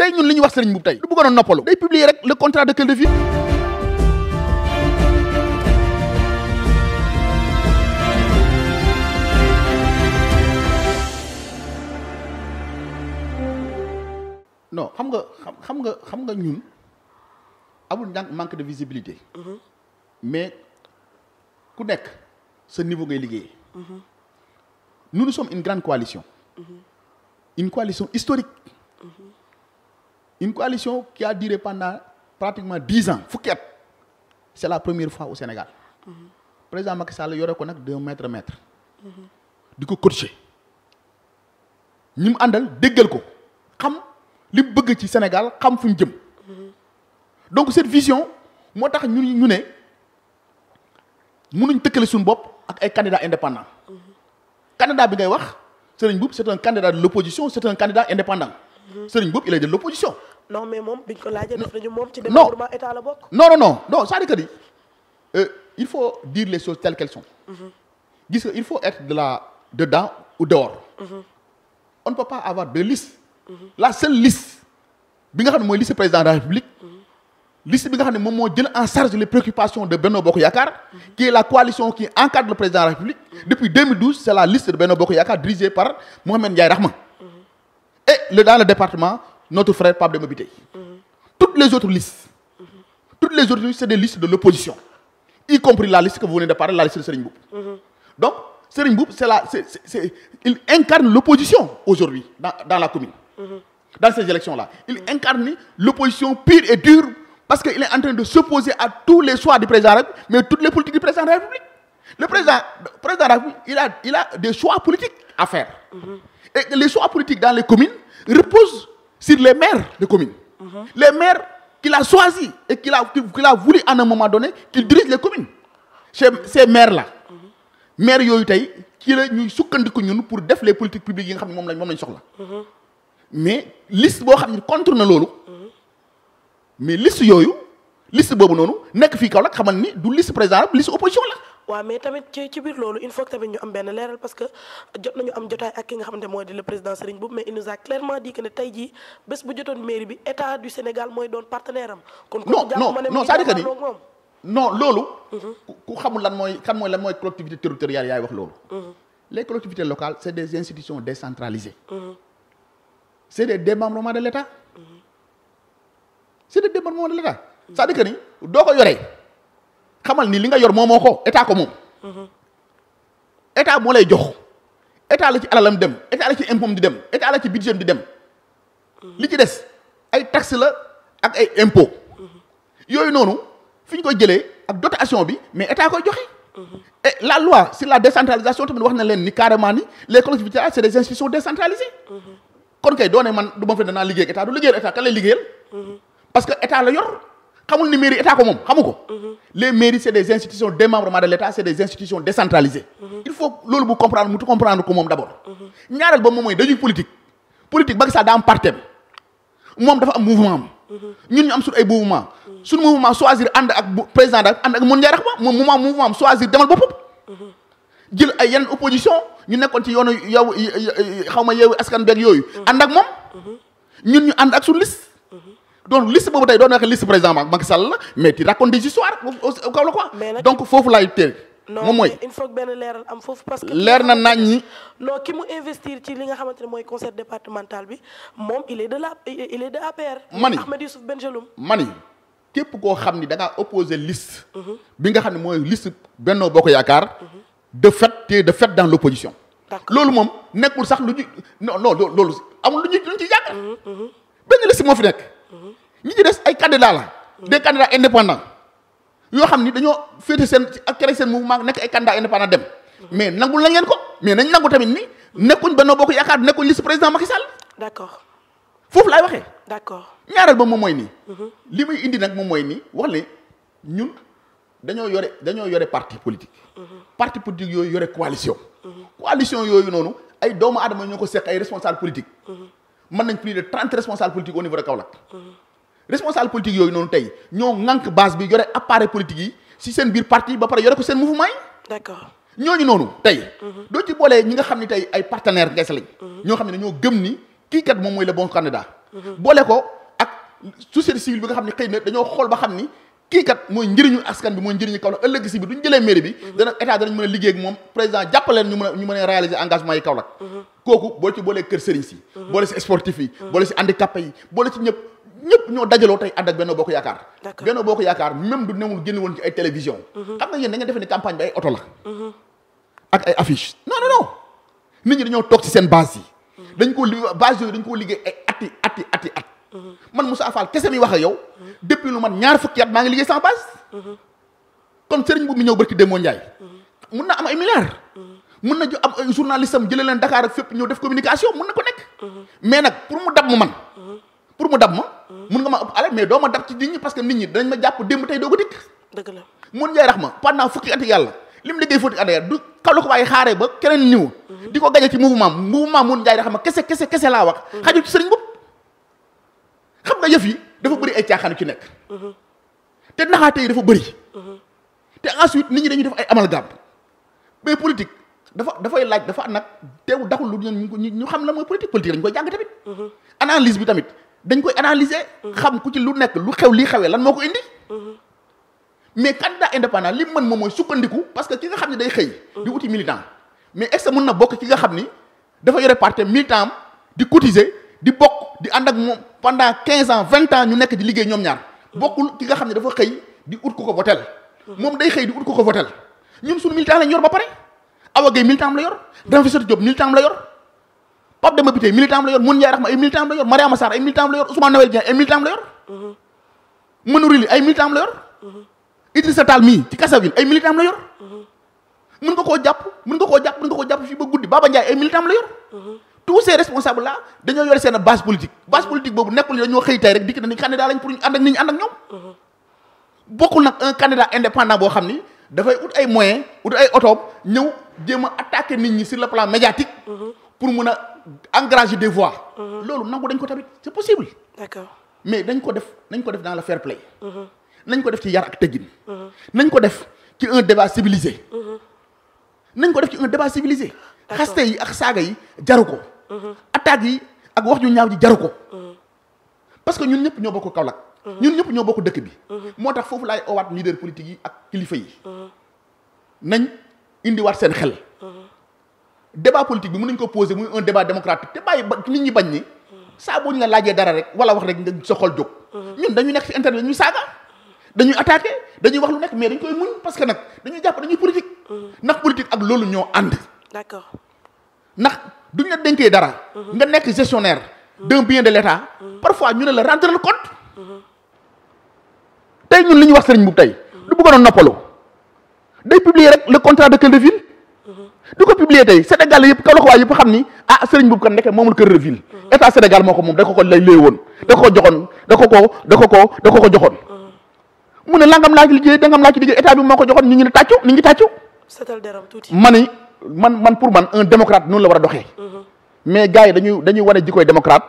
tey ñun li ñu wax Serigne Mboup tey du bëggoon a noppalu day publier rek le contrat de quelle de vie xam nga xam nga xam nga ñun amul ñàkk manque de visibilité mhm. mais ku nekk sa niveau ngay liggéey mhm. nous nous sommes une grande coalition mhm. une coalition historique une coalition qui a duré pendant pratiquement dix ans fukki at c' la première fois au Sénégal président Macky Sall yore ko nag de maître maître di ko coacher ñi mu àndal déggal ko xam li bëgg ci Sénégal xam fu ñu jëm donc cette vision moo tax ñu ñu ne mënuñ tëkkale suñu bopp ak ay candidats indépendants candidat bi ngay wax Serigne Mboup c' est un de l' opposition c' est un candidat indépendant Serigne Mboup il est de l' non mais moom biñ ko laajee def nañu moom ci démembrement état la bokk. non non non non cest euh, il faut dire les choses telles qu'elles mm-hmm. gis nga il faut être de la dedans ou dehors. Mm-hmm. on ne peut pas avoir de liste. Mm-hmm. la seule liste bi nga xam ne mooy liste président de la République. liste bi nga xam ne moom moo jël en charge les préoccupations de Benno Bokk Yaakaar. qui est la coalition qui encadre le président de la République. depuis 2012 la liste de Benno Bokk Yaakaar dirigée par Mohamed Ndiaye Rahma. et le dans le département notre frère Pape Demba Bitèye toutes les autres listes toutes les autres listes c'est des listes de l'opposition y compris la liste que vous venez de parler la liste de Serigne Mboup donc Serigne Mboup c'est la c'est il incarne l'opposition aujourd'hui dans la commune dans ces élections là il incarne l'opposition pure et dure parce que il est en train de s'opposer à tous les choix du président de République mais toutes les politiques du président de la il a des choix politiques à faire et les sur les maires de communes. Uh-huh. Les maires qu'il a choisis et qu'il a, qu'il a voulu à un moment donné, qu'il dirige les communes. Ces, ces maires-là, uh-huh. maires yooyu tey kii la ñuy sukkandiku ñun pour def les politiques publiques yi nga xam ne moom lañ moom lañ soxla. Uh-huh. mais liste boo xam ne contre na loolu. mais liste yooyu liste boobu noonu nekk fii Kaolack xamal ni du liste président liste opposition la. waaw mais tamit ci ci biir loolu il faut que tamit ñu am benn leeral parce que jot nañu am jotaay ak ki nga xamante moo di le président Serigne Boub mais il nous a clairement dit que ne tey jii bés bu jotoon mairie bi état du Sénégal mooy doon partenaire am. kon kon jàpp ma ne non c'est-à-dire que loolu. Mhm. ku xamul lan mooy xam mooy lan mooy collectivité territoriale yaay wax loolu. Mhm. les collectivités locales c'est des institutions décentralisées. Mhm. c'est des démembrements de l'État. c'est des démembrements de l'État. c'est-à-dire que ni doo ko yoree. xamal ni li nga yor moomoo ko état ko moom. état moo lay jox état la ci alalam dem état la ci impôt di dem état la ci budget di dem. li ci des ay taxes la ak ay impôt yooyu noonu fi ñu koy jëlee ak dotation bi mais état koy joxe. et la loi sur la décentralisation tamit wax na leen ni carrément ni les collectivités c' est des institutions décentralisées. kon kay doone man du ma fi danaa liggéey ak du liggéeyal état kan lay liggéeyal. parce que état la yor. xamul ni mairie état ko moom xamu ko. Mhm. les mairies c' est des institutions démembrement de l' état c' est des institutions décentralisées. Mhm. il faut loolu bu comprendre mu comprendre ko moom d' abord. Mhm. ñaareel ba moom mooy dañuy politique politique Macky daa am parti moom dafa am mouvement am. ñun ñu am suñu ay mouvement suñu mouvement choisir ànd ak président daal ànd ak Modou Ndiaye Rakhma moom mouvement mouvement am choisir demal boppam. jël ay yenn opposition ñu nekkoon ci yoonu yow xaw ma yeewu askan beeg yooyu. ànd ak moom. ñun ñu ànd ak suñu liste. donc liste boobu tey doon wax liste président Macky Sall mais tu racontes des histoires foofu laay teel. moom mooy il faut benn leeral am foofu parce que. leer na nañ ñi. non ki mu investir ci li nga xamante ne mooy conseil départemental bi moom il est de la il est de APR. mani képp koo xam ni da ngaa opposé mhm. bi nga xam ne mooy list liste Benno Bokk Yaakaar. de fait te de fait dans l' loolu moom nekkul sax lu ñu non non loolu amul lu ñu lu ñu ci yàgg. Mhm, mhm. benn liste moo fi nekk. ñi ci des ay candidats la. des candidats indépendants yoo xam ni dañoo féete seen ak créé seen mouvement nekk ay candidats indépendants dem. mais nangul la ngeen ko mais nañ nangu tamit ni nekkuñ Benno Bokk Yaakaar nekkuñ liste président Macky Sall. d' accord foofu laay waxe accord ñaareel ba moom mooy nii. Mhm. li may indi nag moom mooy nii wax ne ñun dañoo yore dañoo yore parti politique. Mhm. parti politique yooyu yore coalition. Mhm. coalition yooyu noonu ay doomu aadama ñoo ko seq ay responsable politique. mën nañ plus de trente responsables politiques au niveau de Kaolack. responsable politique yooyu noonu tey ñoo ŋànk base bi yore appareil politique yi si seen biir parti ba pare yore ko seen mouvement ñooñu noonu tey. Mhm. doo ci boolee ñi nga xam ni tey ay partenaires ngees lañ. Mhm. ñoo xam ne ñoo gëm ni kii kat moom mooy la bon candidat. Mhm. boole ko ak société civile bi nga xam ne xëy na dañoo xool ba xam ni kii kat mooy njëriñu askan bi mooy njëriñu Kaolack ëllëg si bi duñ jëlee mairie bi. dana état danañ mën a liggéey ak moom président ñëpp ñoo dajaloo tey ànd ak Benno Bokk Yaakaar Benno Bokk Yaakaar même du newul génn woon ci ay télévision mhm. xam nga yéen da ngeen defe ne campagne bi ay oto la mhm. ak ay affiche non non non nit ñi dañoo toog ci seen base yi mhm. dañ koo li base yooyu dañ koo liggéey ay ati ati ati at man Moussa Fall kese mi wax a yow depuis lu man ñaar fukki at maa ngi liggéey sans base kon sëriñ bu mu ñëw barki Demba Ndiaye mun na am ay milliards mun na am ay journaliste am jëlee leen Dakar ak fépp ñëw def communication mun na ko nekk mais nag pour mu dab mu pour mu dab ma. mun nga ma ëpp alal mais doo ma dab ci nit ñi parce que nit ñi danañ ma jàpp démb tey doo ko dikk. mun jaay rax ma pendant fukki at yàlla lim liggéey fukki at yàlla du kalu ko waaye xaaree ba keneen mhm. ko gaje ci mouvement mouvement mun jaay rax ma kese kese kese laa wax. Mhm. xam nga yëf yi dafa bëri ay caaxaan ci nekk. Mhm. te naxaate yi dafa bëri. te ensuite nit ñi dañuy def ay amalgame mais politique dafa dafay laaj dafa nag teew daxul lu ñu ñu xam la mooy politique politique lañ koy jàng tamit. analyse bi tamit dañ koy analyser. xam ku ci lu nekk lu xew lii xewee lan moo ko indi. mais candidat indépendant li mën moom mooy sukkandiku parce que ki nga xam ni day xëy. di uti militant. mais est-ce que mën na bokk ki nga xam ni dafa yore parti militant di cotiser di bokk di ànd ak moom pendant quinze ans vingt ans ñu nekk di liggéey ñoom ñaar bokkul ki nga xam ne dafa xëy di ut ko ko votel moom day xëy di ut ko ko votel ñun suñu militant lañ yor ba pare Awa Gueye militant am la yor. Dame Fissata Diop militant am la yor. Pape ma Bitèye militant la yor Mun Ndiaye Rahma ay militant ay militant la yor Ousmane Noël ay militant la yor. Manourili mii ci Kassaville ay militant la yor. mën nga koo jàpp mën nga koo jàpp mën nga koo jàpp fii ba guddi Baba Ndiaye ay militant la yor. tous ces responsables là dañoo yore seen base politique base politique boobu nekkul dañoo xëy tey rek dikk nañu candidat lañ pour ñu ànd ak nit ñi ànd ak ñoom. bokkul nag un candidat indépendant boo xam ni dafay ut ay moyen ut ay otoom ñëw jéem a attaquer ñi sur le plan médiatique. pour mun a engager des voix. Mhm. loolu nangu dañ ko tamit c'est possible. d'accord mais dañ ko def nañ ko def dans le fair play. Mhm. nañ ko def ci yar ak teggin. Mhm. nañ ko def ci un débat civilisé. nañ ko def ci un débat civilisé. xaste yi ak saaga yi jaru ko. attaques yi ak wax ñu ñaaw ji jaru ko. parce que ñun ñëpp ñoo bokk Kaolack. ñun ñëpp ñoo bokk dëkk bi. moo tax foofu laay owaat leader politique yi ak kilifa yi. nañ indiwaat seen xel. débat politique bi mën nañu ko poser muy un débat démocratique te bàyyi nit ñi bañ ni saa boo ñu la laajee dara rek wala wax rek nga sa xol jóg. ñun dañu nekk fi internet dañuy saaga dañuy attaqué dañuy wax lu nekk mais dañ koy muñ parce que nag dañuy jàpp dañuy politique. ndax politique ak loolu ñoo ànd. d'accord ndax duñ la dénkee dara. nga nekk gestionnaire d'un bien de l'État. parfois ñu ne la rendre le compte. tey ñun li ñu wax sëriñ bu tey. du bëggoon a noppalu. day publier rek le de Kelle de di ko publier tey Sénégal yëpp ka loxo waay yëpp xam ni ah sëriñ boobu kan nekk moomul kër Reville mm-hmm. état Sénégal moo ko moom da ko ko lay lay woon da ko ko joxoon da ko ko da ko ko da ko ko joxoon mm-hmm. mu ne langam laa ci liggéey dangam laa ci liggéey état bi moo ko joxoon ñu ngi ne tàccu ñu ngi tàccu setal man man pour man un démocrate noonu la war a doxee mm-hmm. mais gars dañuy dañuy wane jikkoy démocrate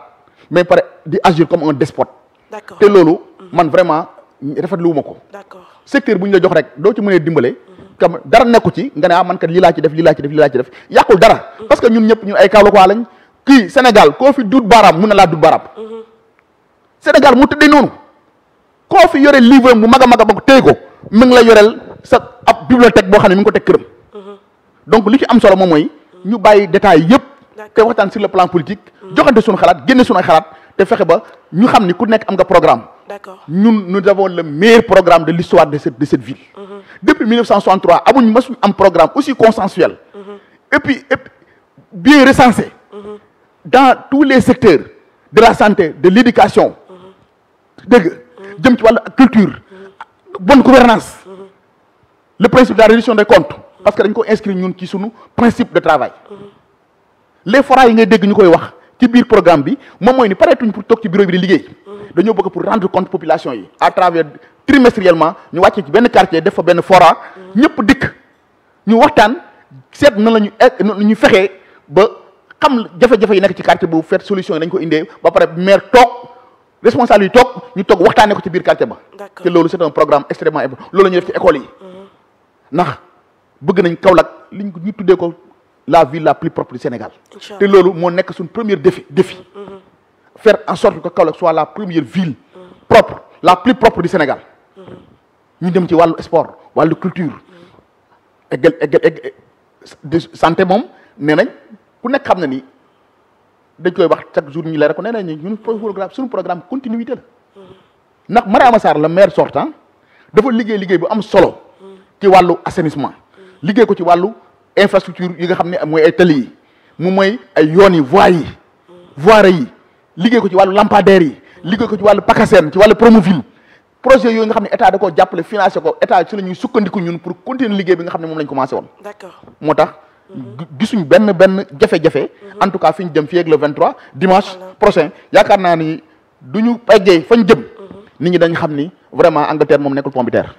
mais pare di agir comme un despote te loolu man vraiment rafetluwuma ko kam dara nekku ci nga ne ah man kat lii laa ci def lii laa ci def lii laa ci def yàqul dara mm-hmm. parce que ñun ñëpp ñun ay Kaolackois lañ kii Sénégal koo fi duut baaraam mun na laa duut baaraam mm-hmm. Sénégal mu tëddee noonu koo fi yore livre bu mag a mag a téye ko mi ngi la yoreel sa ab bibliothèque boo xam ne mi ngi ko teg këram mm-hmm. donc li ci am solo moom mooy ñu bàyyi détails yëpp te waxtaan sur le plan politique joxante suñu xalaat génne suñu xalaat te fexe ba ñu xam ni ku nekk am nga programme. D'accord. ñun nous avons le de l'histoire de depuis 1963 amuñu masuñu am programme aussi consensuel. et puis et bien recensé. dans tous les secteurs de la santé de l'éducation dégg jëm ci wàllu culture bonne gouvernance le principe de la réduction des comptes parce que dañ ko inscrire ñun ci sunu principe de travail les fora yi ngay dégg ñu koy wax ci biir programme bi moom mooy ni pareetuñ pour toog ci bureau bi di liggéey dañoo bëgg pour rendre compte population yi à travers trimestriellement ñu wàcce ci benn quartier def fa benn fora ñëpp dikk ñu waxtaan seet na la ñu e- ñu fexee ba xam jafe-jafe yi nekk ci quartier boobu feet solution yi dañ ko indee ba pare maire toog responsable yi toog ñu toog waxtaanee ko ci biir quartier ba te loolu c'est un programme extrêmement important loolu la ñu def ci école yi mm-hmm. ndax bëgg nañ Kaolack liñ ko ñu tuddee ko la ville la plus propre du Sénégal te loolu moo nekk suñ première défi défi mm-hmm. faire en sorte que Kaolack la première ville mm-hmm. propre la plus propre du ñu dem ci wàllu sport wàllu culture. eggal eggal egg de santé moom nee nañ ku nekk xam na ni dañ koy wax chaque jour ñi leer ko nee nañ ñun programme suñu programme continuité la. ndax Mariama Sarr la maire sortant dafa liggéey liggéey bu am solo. ci wàllu assainissement. liggéey ko ci wàllu infrastructure yi nga xam ne mooy ay tali yi mu mooy ay yoon yi voies yi. voirie yi liggéey ko ci wàllu lampadaire yi. liggéey ko ci wàllu pakaseen ci wàllu promoville. projet yooyu nga xam ne état da koo jàppale financé ko état ci la ñuy sukkandiku ñun pour continuer liggéey bi nga xam ne moom la ñu woon. moo tax. Mhm. gisuñ benn benn jafe-jafe. Mhm. en tout cas fi ñu jëm fii ak le 23 dimanche prochain yaakaar naa ni du ñu peggee fañ jëm. Mhm. nit ñi dañ xam ni vraiment Angleterre moom nekkul pompiteer